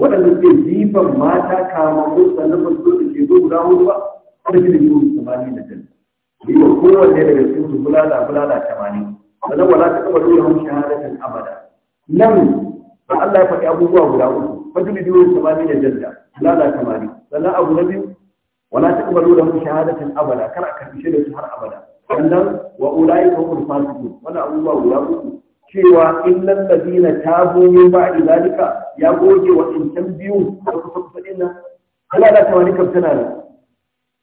waɗanda suke jifan mata kama ko sannan ba su ke zo guda hudu ba kada da yiwu samani da jan yi wa kowanne daga cikin su bulala bulala tamanin sannan wala ta taɓa nuna mun shahadatan abada nan ba Allah ya faɗi abubuwa guda uku fajili biyu tamanin da jadda bulala tamanin sannan abu na biyu wala ta taɓa nuna mun shahadatan abada kar a karɓi da su har abada sannan wa ulai ka hul fasiku wannan abubuwa guda uku cewa illal ladina tabu min ba'di zalika ya goge wa in biyu da kusa kusa dinnan Allah da tamanin kam tana nan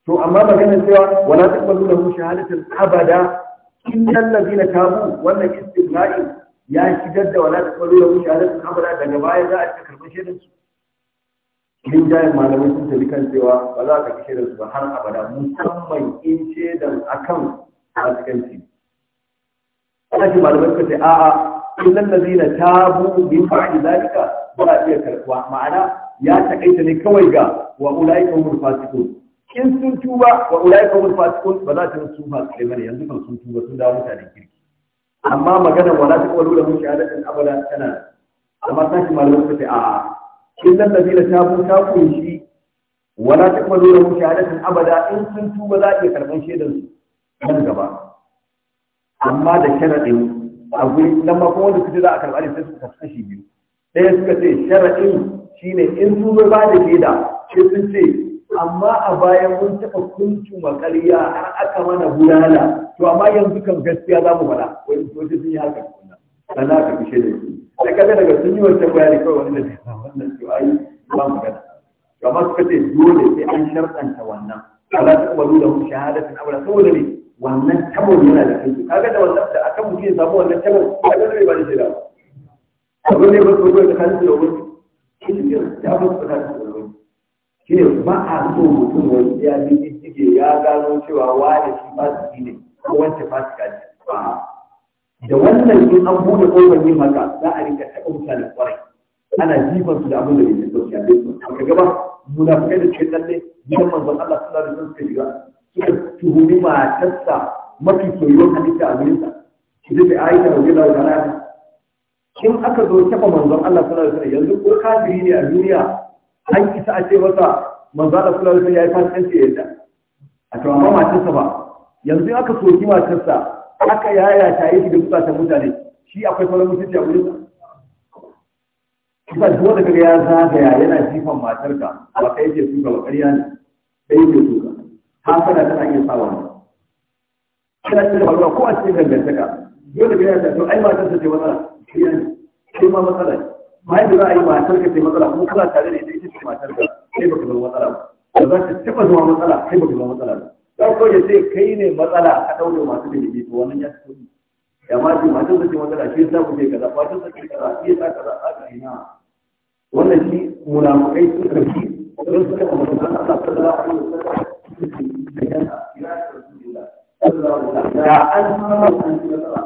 to amma maganar cewa wala taqbalu lahu shahadatan abada innal ladina tabu wannan istimna'i ya shigar da wala taqbalu lahu shahadatan abada daga baya za a karban shaidar su kin jayin malamai sun tafi kan cewa ba za ka kishe su ba har abada musamman in shaidan akan fasikanci Allah ce malamai suka ce a'a kullum na zina tabu bin ba'di zalika ba a iya karɓuwa ma'ana ya takaita ne kawai ga wa ulaika hum in sun tuba wa ulai ka wani fasikun ba za ta su ba kai bane yanzu kan sun tuba sun dawo mutane kirki amma magana wala ta kwalo da mun shahadatin abada tana amma ta shi malamin ta ce a in nan da bila ta kun ta kunshi wala ta kwalo da mun shahadatin abada in sun tuba za ka karban shaidan su nan gaba amma da sharadin abu nan ma ko wanda suke za a karba ne sai su kashi biyu ɗaya suka ce sharadin shine in sun zo ba da shaida sai sun ce amma a bayan mun taɓa kuntu makariya har aka mana gudana to amma yanzu kan gaskiya za mu faɗa wani sojoji sun yi haka sana ka bishe da su sai kaga daga sun yi wancan bayani kawai wani da ta wannan to ayi ba mu gana amma suka ce dole sai an sharɗanta wannan ala ta kuma nuna mu shahadatin amra saboda ne wannan tabon yana da kai kaga da wannan da akan mutum ya samu wannan tabon kaga ne ba da shi da abin da ya ba su da kan su da wani shi ne ta ba su da kan su shi ne ba a so mutum yi ya ji cike ya gano cewa wani shi fasiki ne ko wacce fasika ce ba da wannan in an buɗe ƙofar yin haka za a rika taɓa mutane kwarai ana jifan su da abin da bai da sauki a bai gaba muna munafikai da cikin tsalle gidan manzon Allah sallallahu alaihi wasallam suka shiga suka tuhumi matarsa mafi soyuwar halitta a gurinsa shi zai aisha radiyallahu ta'ala kin aka zo kafa manzon Allah sallallahu alaihi wasallam yanzu ko kafiri ne a duniya an isa a ce masa manzo Allah sallallahu ya yi yayi ce yadda
a to amma matarsa
ba yanzu aka soki matarsa aka yaya ta yi da kusa ta mutane shi akwai sauran mutunci a wurin kusa duk wanda kaga ya zagaya yana jifan matarka ba kai ce suka ba ƙarya ne kai ce suka hasada tana iya sawa ne kana cikin ba ko a cikin dangantaka dole ga yana to ai matarsa ce matsala ƙarya ne sai ma matsalar ba yadda za a yi matar ka sai matsala kuma kana tare da ita ita ce matar ka sai baka zama matsala ba ba za ta taba zama matsala kai baka zama matsala ba za ku ya sai kai ne matsala a ɗaure masu da to wannan ya tafi ya ma ce matar ta ce matsala shi ya yasa ku ce kaza matar ta ce kaza shi ya sa kaza a ka ina wannan shi munafukai sun karfi don suka kuma sun san Allah sallallahu alaihi wasallam da yana ya tafi da
da an samu an yi matsala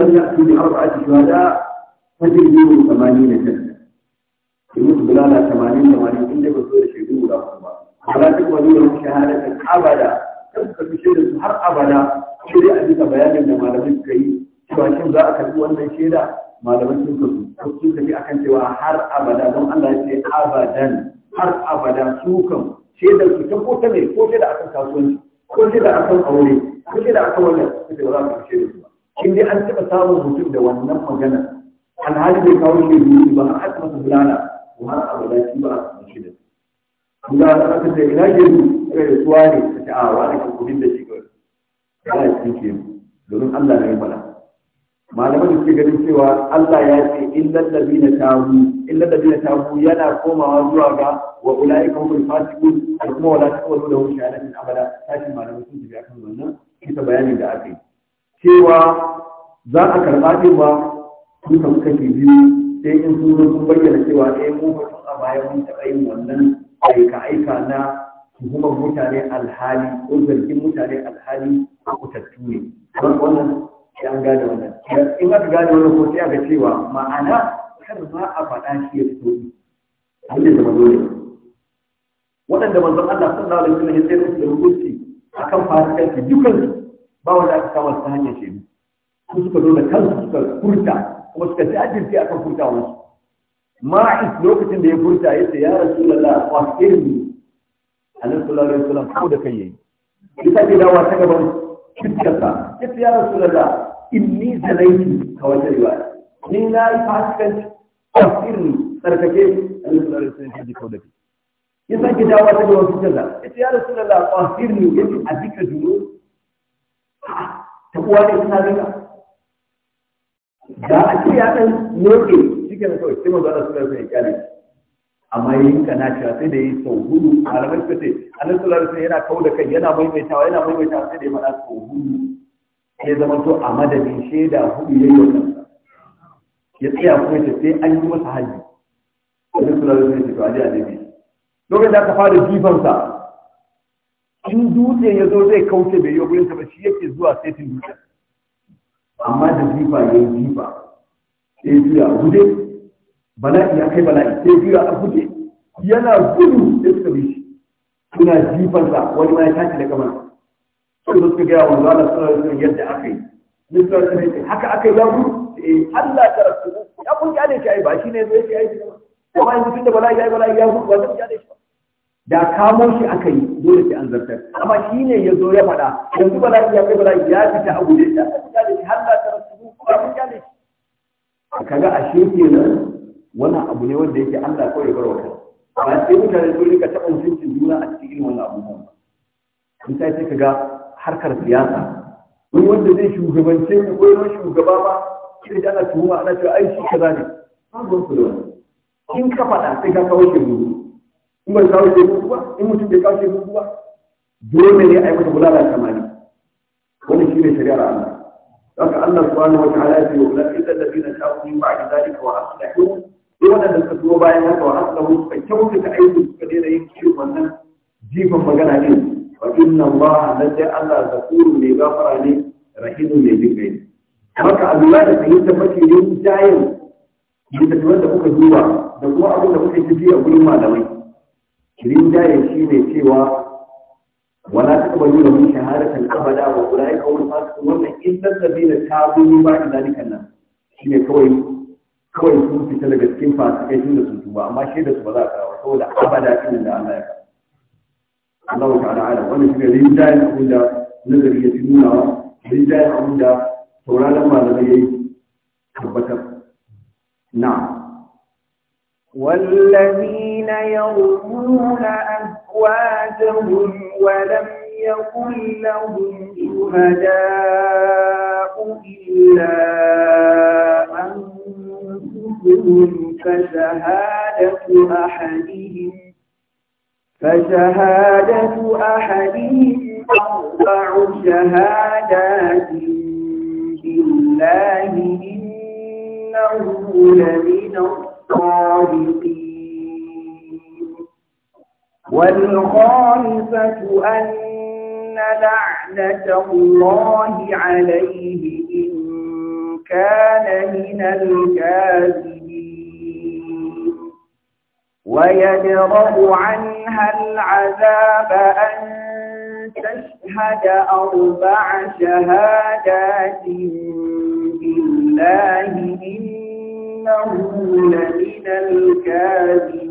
ولم يأتوا بأربعة شهداء فجلدوهم ثمانين جلدة يموت بلالا ثمانين ثمانين إلا بصور شهدوا لا ولا تقبلوا لهم شهادة أبدا تبقى بشهادة هر أبدا شريعة بك بيانا لما لم يبكي شواشم لا أكتبوا أن شهادة ما لم يبكي سوكا في أكن سوى هر أبدا دون أن لا يبكي أبدا هر أبدا سوكا شهادة تبقوا تمي كل شهادة أكن كاسوانش كل شهادة أكن أولي كل شهادة أكن ولا كل شهادة أكن شهادة in dai an taɓa samun mutum da wannan magana alhali bai kawo shi ne ba an aka masa bulala ko har abada shi ba a samu shi da su da aka ce ina ke su kai da suwa ne ta ce a kan kudin da shi ga kawai ana cikin ke domin Allah na ne mana malaman da suke ganin cewa Allah ya ce illal ladina tabu illal ladina tabu yana komawa zuwa ga wa ulai kan kun fasikun kuma wala taqulu lahum shahadatin abada sai malaman sun ji akan wannan kisa bayanin da aka yi cewa za a karɓa ɗin ba muka ke biyu sai in sun zo sun bayyana cewa ɗaya eh, ko ba sun a bayan mun taɓa yin wannan aika-aika na tuhumar mutane alhali ko zargin mutane alhali a kutattu ne wannan sai an gane wannan in aka gane wannan ko sai aka cewa ma'ana kar ma a faɗa shi ya fito abin da zama dole waɗanda manzon Allah sallallahu alaihi wasallam ya su da hukunci akan fasikanci dukansu ba wanda aka kama ta hanyar shi su suka zo da kansu suka furta kuma suka ci ajirce akan furta wasu ma'is lokacin da ya furta ya ce ya rasulullah a kirni annabi sallallahu alaihi wasallam ko da kai yayi bisa ke dawa ta gaban fitarsa ya ce ya ni inni zalaiti ka wata riwa ni na yi fasikanci wa kirni sarkake annabi sallallahu alaihi wasallam ko da kai ya sake dawa ta gaban fitarsa ya ce ya rasulullah wa irin ya ce a duka duniya ta uwa da ita rika da a ce ya ɗan noke shi ke na kawai sai mazu ala sallallahu alaihi ya ya amma yin ka na cewa sai da yi sau hudu malamai suka ce annabi sallallahu alaihi yana kawo da kai yana maimaitawa yana maimaitawa sai da ya mana sau hudu sai zama to a madadin shaida hudu ya yi kansa ya tsaya kuma ya sai an yi masa hajji annabi sallallahu alaihi wasallam ya ce to aje a dabi lokacin da aka fara jifansa in dutsen ya zo zai kauce bai yi wurin ba shi yake zuwa setin dutsen amma da jifa ya yi jifa ya yi a guje bala'i ya kai bala'i sai jiya a guje yana gudu ya suka bi shi suna sa wani ma ya tashi da kamar da suka gaya wanzu zala sallallahu alaihi yadda aka yi misal sai haka aka yi yahu eh Allah ta rasu ya kun gane shi a yi ba shi ne zai yi ba kuma in tunda bala'i ya bala'i yahu ba zai gane shi ba da kamo shi aka yi dole sai an zartar amma shi ne ya zo ya faɗa yanzu ba za ki iya kai ba za ki ya fita a guje ta ta da har za ta rasu ko ba kun kyale shi kaga ashe kenan wannan abu ne wanda yake Allah kawai ya bar wa ba sai mutane sun rika taɓa mutuncin juna a cikin irin wannan abubuwan ba in sai sai kaga harkar siyasa wani wanda zai shugabance mu ko yawan shugaba ba shi da ana tuhuma ana cewa ai shi kaza ne ba ruwan su da wani in ka faɗa sai ka kawo shi kuma sa wuce kuwa in mutum bai kawo shi kuwa dole ne ai kuma bulala kamani wannan shi ne shari'ar Allah don ka Allah subhanahu wa ta'ala ya ce wa la ilaha illa bina ta'u min ba'da zalika wa aslahu wannan da suka zo bayan haka wa aslahu ka kyauta ta aiki ka dena yin kiyo wannan jifan magana ne wa inna Allah lalle Allah zakuru ne gafara ne rahimu ne jinkai ne maka Allah da sai ta fashe ne jayin da da kuka duba da kuma abin da kuka ji a gurin malamai rinjaye shi ne cewa wala ta taba nuna mun shahadatan abada wa ulai ka wani fasu wannan da ta tabu min ba'da zalikan nan shine kawai kawai sun fita daga cikin fasikai tun da sun tuba amma shaida su ba za a kawo saboda abada din da Allah ya kawo Allah ta'ala ala wannan shine rinjaye abin da nazari ya fi nuna wa rinjaye abin da sauraron malamai ya yi tabbatar na
والذين يرمون أزواجهم ولم يكن لهم شهداء إلا أنفسهم فشهادة أحدهم فشهادة أحدهم أربع شهادات بالله إنه لمن الصادقين والخامسة أن لعنة الله عليه إن كان من الكاذبين ويدرأ عنها العذاب أن تشهد أربع شهادات بالله إنه لمن الكاذبين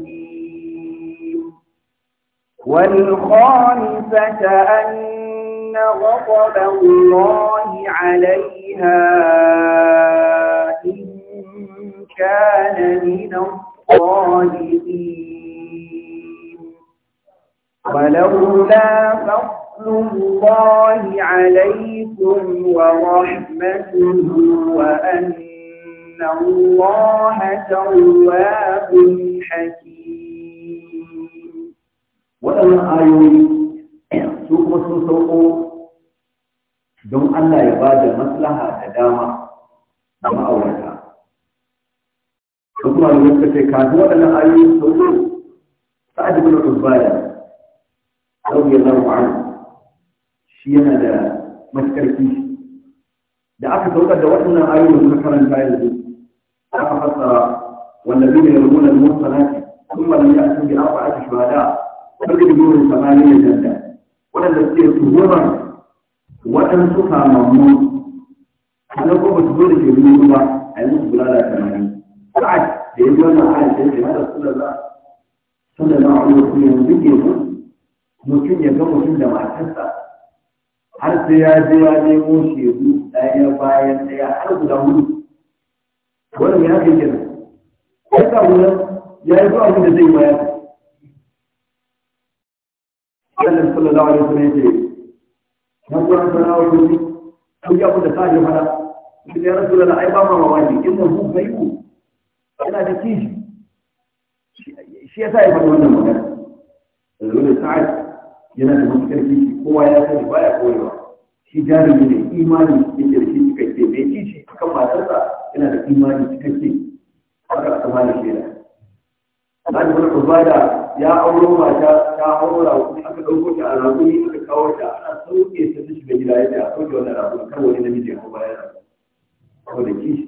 والخامسة أن غضب الله عليها إن كان من الصالحين ولولا فضل الله عليكم ورحمته وأن الله تواب حكيم
waɗannan ayoyi su kuma sun sauko don Allah ya ba da maslaha da dama a ma'aurata kuma da suka ce kafin waɗannan ayoyi su sauko sa'ad ibn ubada radiyallahu anhu shi yana da matukar kishi da aka saukar da waɗannan ayoyi da suka karanta yanzu aka fassara والذين يرمون ya ثم gina ba بأربعة شهداء wajen burin samaniya janda waɗanda suke tuhumar waɗansu kamammu a nan kuma su zo da ke nuna ba a yi musu bulala samani sa'ad da ya wannan ayat da ke hada suna za suna na wani wasu yanzu ke nan mutum ya ga mutum da matarsa har sai ya je ya nemo shehu ɗaya bayan ɗaya har guda hudu wannan ya kai kenan ya sa wurin ya yi zuwa da zai bayar annabi sallallahu alaihi wasallam yake na kuran sanawa gobe ko ya ku da sai ya fara sai ya rasu da ai ba ma wani in mun ku kai ku ina da kishi shi yasa ya fara wannan magana zuwa sa'ad yana da matukar kishi kowa ya sani baya koyewa shi jarumi ne imani yake da shi cikakke mai kishi akan matarsa yana da imani cikakke haka aka bada shaida. Allah ya bada ya auro mata ta haura kuma aka ɗauko ta a rakuni aka kawo ta ana sauke ta ta shiga gida yadda a sauke wannan rakuni Kan wani namiji ko hau bayan rakuni saboda kishi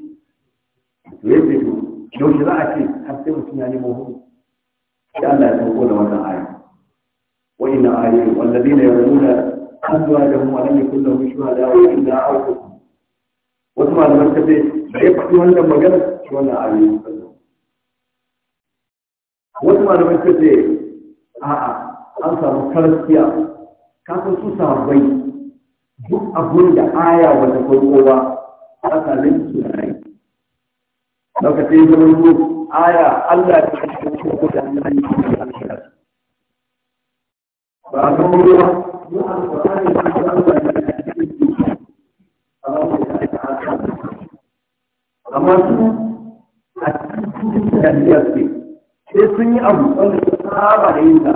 to yadda to yaushe za a ce har sai mutum ya nemo hudu sai Allah ya sauko da wannan aya wa inna ayatu wallazina yarmuna azwajahum wa lam yakul lahum shuhada wa illa anfusuhum wasu malaman kace da ya faɗi wannan magana wannan ayoyi wasu malamai suka ce a'a an samu karfiya kafin su sabai duk abin da aya wata farko ba a sami su na yi lokacin zama su aya allah ya kashe ko da an yi ba a kan ruwa amma su a cikin da ya ce sai sun yi abu wanda su saba da yin ka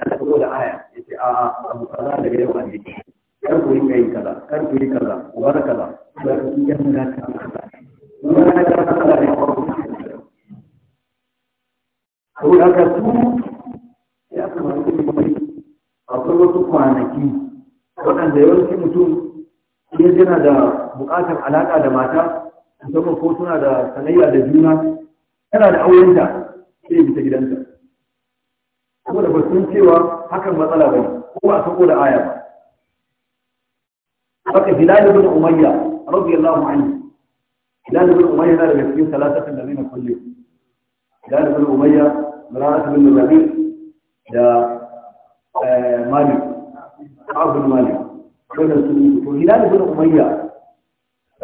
ya zo da aya ya ce a'a abu kaza da yau a jiki kar ku rinka kaza kar yi kaza ku bar kaza ku yi yan da ta kuma kaza da ya ku akwai wasu kwanaki waɗanda yawanci mutum in yana da buƙatar alaƙa da mata musamman ko suna da sanayya da juna yana da aurenta sai bi ta gidansa saboda ba sun cewa hakan matsala ba ne ko a sako da aya ba haka hilal ibn umayya radiyallahu anhu hilal ibn umayya na daga cikin salatatin da zina kulle hilal ibn umayya mara'at ibn rabi da malik abdul malik wannan su to hilal ibn umayya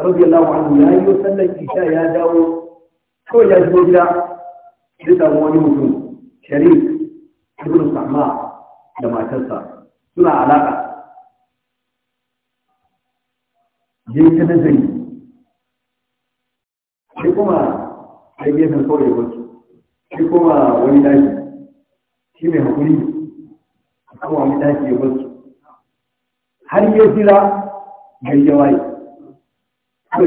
radiyallahu anhu ya yi sallar isha ya dawo ko ya shigo gida ya wani mutum sharif ibn sahma da matarsa suna alaƙa je ta nazari sai kuma sai gefen kawai wasu sai kuma wani daji shi mai hakuri kuma wani daji ya wasu har yi jira mai ya kawai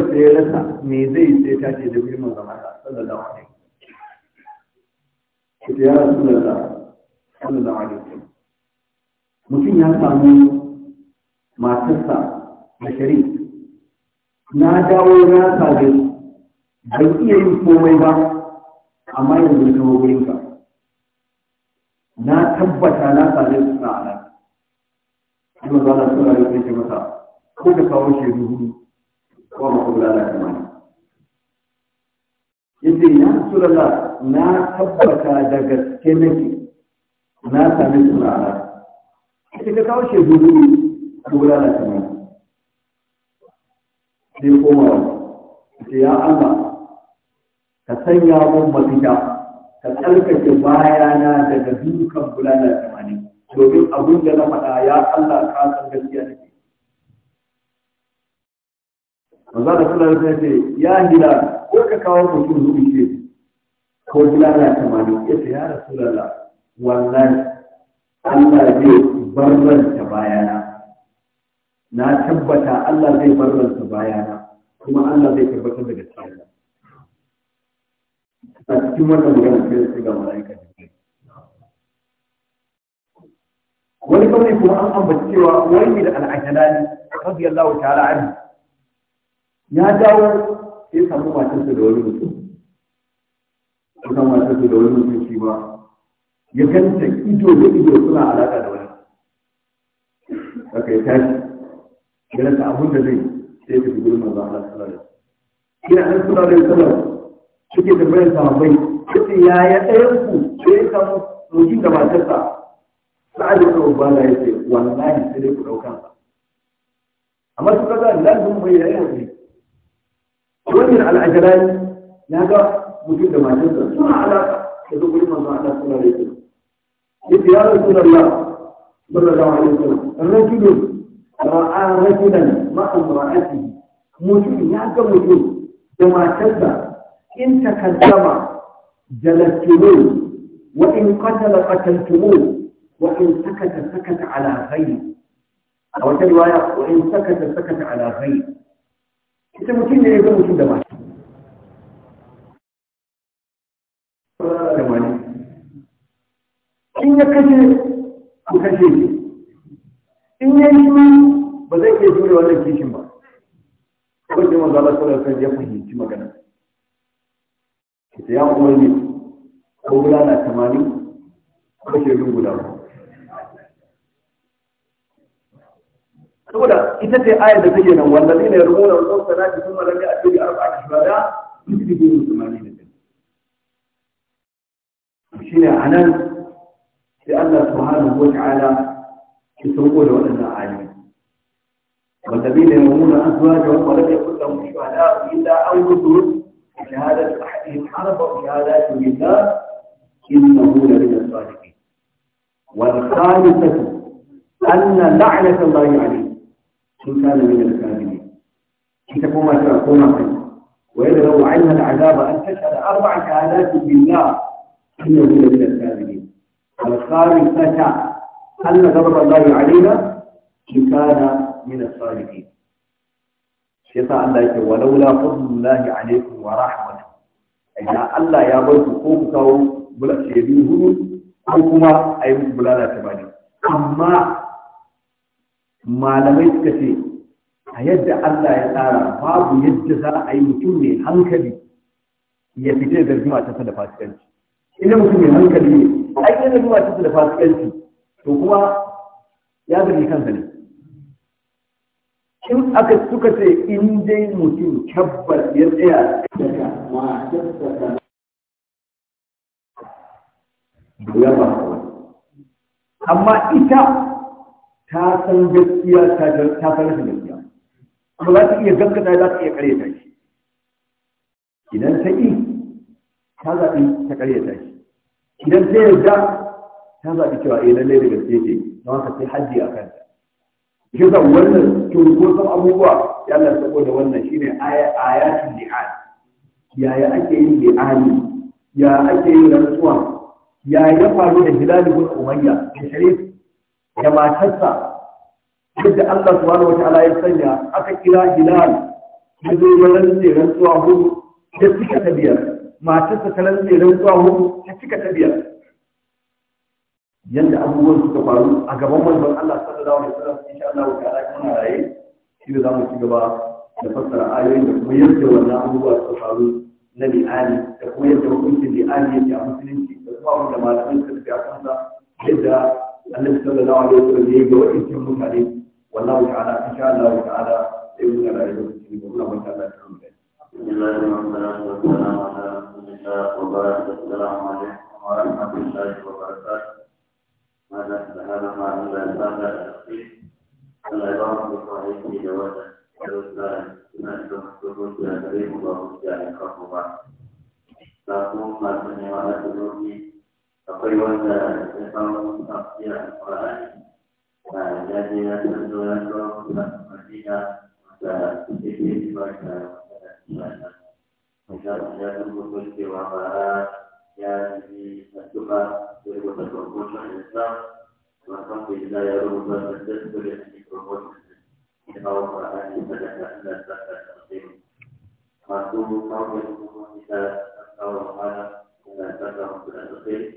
sai ya rasa me zai sai ta ce da girman zamana sallallahu alaihi ya rasulullah mutum ya sami matarsa na shari na dawo na sabe ban iya yin komai ba amma yanzu ta wurin ka na tabbata na sabe su na ala kuma za a tura da kai masa ko da kawo ruhu, ko ma ko lalata ce ya surala na tabbata da gaske nake na sami turara ita ka kawo shaidu ne tura da kuma sai koma ce ya Allah ka sanya mun mafita ka tsarkake bayana daga dukan bulala tamani domin abin da na faɗa ya Allah ka san gaskiya nake manzo da sallallahu alaihi wasallam ya hilal ko ka kawo mutum zuwa ce ko hilal ya tamani yace ya rasulullah wallahi Allah zai barranta bayana na tabbata Allah zai barranta bayana kuma Allah zai tabbatar da gaskiya a cikin wannan magana sai su ga mala'ika wani kawai kuma an ambaci cewa wani da al'ajalani radiyallahu ta'ala anhu ya dawo sai samu matarsa da wani mutum ko matarsa da wani mutum shi ba ya ganta ido da ido suna alaƙa da wani aka yi tashi ya rasa abin da zai sai ya fi gurin manzo Allah sallallahu alaihi wasallam ina an sallallahu alaihi wasallam suke tambayar sahabbai ya yi ɗayan ku sai ya ka rokin da matarsa sa'ad ibn Ubala yace wallahi sai dai ku dauka amma suka ga lazum mai yayi wannan al'ajirani ya ga mutum da matarsa suna alaƙa da zuwa yin manzo Allah suna da yake yake ya rasu da Allah sallallahu alaihi wasallam rajulun ra'a rajulan ma'a mar'ati mutum ya ga mutum da matarsa in takaddama jalastumu wa in qatala qataltumu wa in sakata sakata ala ghayri a wata riwaya wa in sakata sakata ala ghayri
ita mutum ne ya ga mutum da mata
in ya kashe a kashe shi in ya yi ba zai iya jure wannan kishin ba kawai shi manzo Allah sallallahu alaihi ya fahimci magana ita ya umarni ko gudana 80 ko shirin guda saboda ita ce ayar da take nan wallazi ne rubuta rubutun sanati kuma lam ya'ti bi arba'ati shuhada yusbihu muslimin shine anan sai Allah subhanahu wa ta'ala ya sauko da waɗannan ayoyi والذين يرمون أزواجهم ولم يكن لهم شهداء إلا أنفسهم شهادة أحدهم حرب شهادات لله إنه لمن الصادقين والخامسة أن لعنة الله عليه إن كان من الكاذبين أن تقوم تكون وإذا لو علم العذاب أن تشهد أربع شهادات بالله إنه من الكاذبين والخامسة أن غضب الله علينا إن كان من الصالحين شيطان الله يقول ولولا فضل الله عليكم ورحمته ina Allah ya bar ku ko بلا شيء bula shaidu hudu ko kuma a malamai suka ce a yadda Allah ya tsara babu yadda za a yi mutum mai hankali ya fita da zuwa ta da fasikanci ina mutum mai hankali ne ai ina zuwa ta da fasikanci to kuma ya zargi kansa ne in aka suka ce in dai mutum tabbas ya tsaya da ya ba amma ita ta san gaskiya ta san rashin gaskiya amma za ta iya gaskata za ta iya karyata shi idan ta yi, ta zaɓi ta karyata shi idan ta yarda ta zaɓi cewa eh lallai da gaske ce don haka sai hajji a kanta shi sa wannan cunkoson abubuwa ya Allah saboda wannan shi ne ayatul li'an yaya ake yin li'ani ya ake yin rantsuwa Yaya ya faru da hilal ibn umayya da sharif da matarsa yadda Allah subhanahu wataala ya sanya aka kira Hilal ya zo ya rantse rantsuwa hudu ya cika ta biyar matarsa ta rantse rantsuwa hudu ta cika ta biyar yadda abubuwan suka faru a gaban manzon Allah sallallahu alaihi wasallam insha Allah ta'ala kuma raye shi ne zamu ci gaba da fassara ayoyin da kuma yadda wannan abubuwa suka faru na li'ani da kuma yadda hukuncin li'ani yake a musulunci da kuma wanda malamai suka tafi a kansa yadda annabi sallallahu alaihi wasallam yayi ga wadannan mutane wallahi ta'ala insha Allah ta'ala sai mun ga rayuwar cikin wannan mutane da
kan da bismillahir rahmanir rahim ala rasulillah wa baraka assalamu alaikum wa rahmatullahi wa barakatuh ماذا سبحانه وتعالى تعالى الله يبارك في صحيحه جوازه ثم ما سمع على قلوبي akwai wanda ya kawo tafiya a ƙwararri da ya je ya san zo ya zo da madina da yake ba da wadanda ya ya rubuta cewa bara ya yi addu'a ya rubuta promotion islam wannan da ya rubuta successful ya yi promotion ya kawo ƙwararri da da da da da da masu kawo da kuma ita kawo mara da da da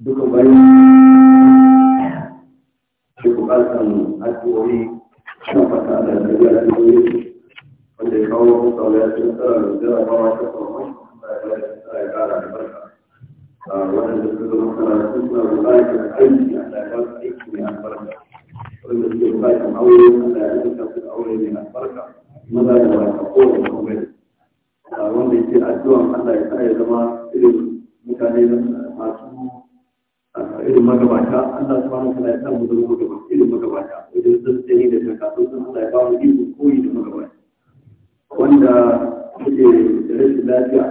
duka bayan shi bukatan addu'o'i na fata da tafiyar addu'o'i wanda ya kawo kusa da yashin tsara da jarabawa ta
kwamfan da ya kara da barka ah, wadanda suka zama karatu suna da aiki a tafiyar aiki mai albarka wanda aure Allah ya da ba ta kowane
Allah ya zama irin mutane masu irin Allah mu zama irin da sun Allah ya wanda da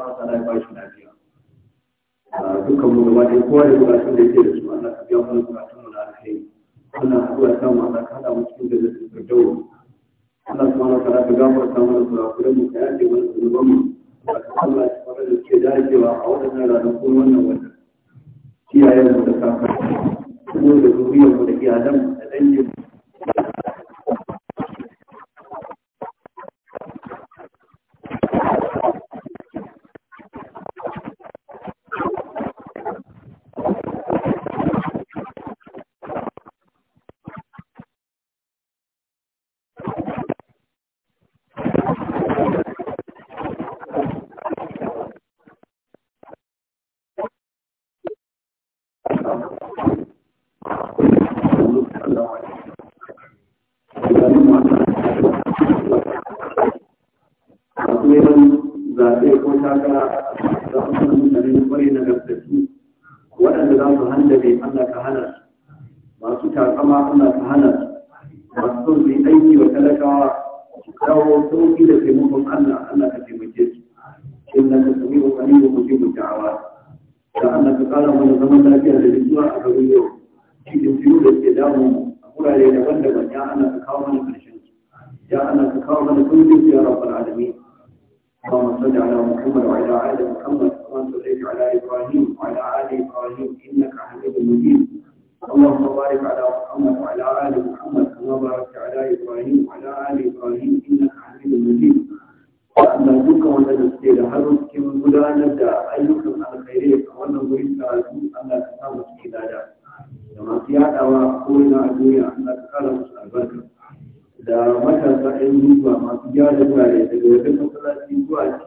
Allah shi lafiya dukkan mu gaba ɗaya kowa da bukatun da yake da su Allah ka biya mana Ana ku ya samu Allah ka hada mu cikin da zai firdawo Allah subhanahu wa ta'ala ka gafarta mana kurakuran mu ka yaje mana zunuban mu Allah ya fara da ke dacewa a wannan ranakun wannan wata kiyayen mu da kafa mu da zuriyar mu da iyalan mu da dangin mu yaɗawa ko ina a duniya na kara musu
albarka da matasa ɗan duba masu gyara wurare daga wajen
masallaci zuwa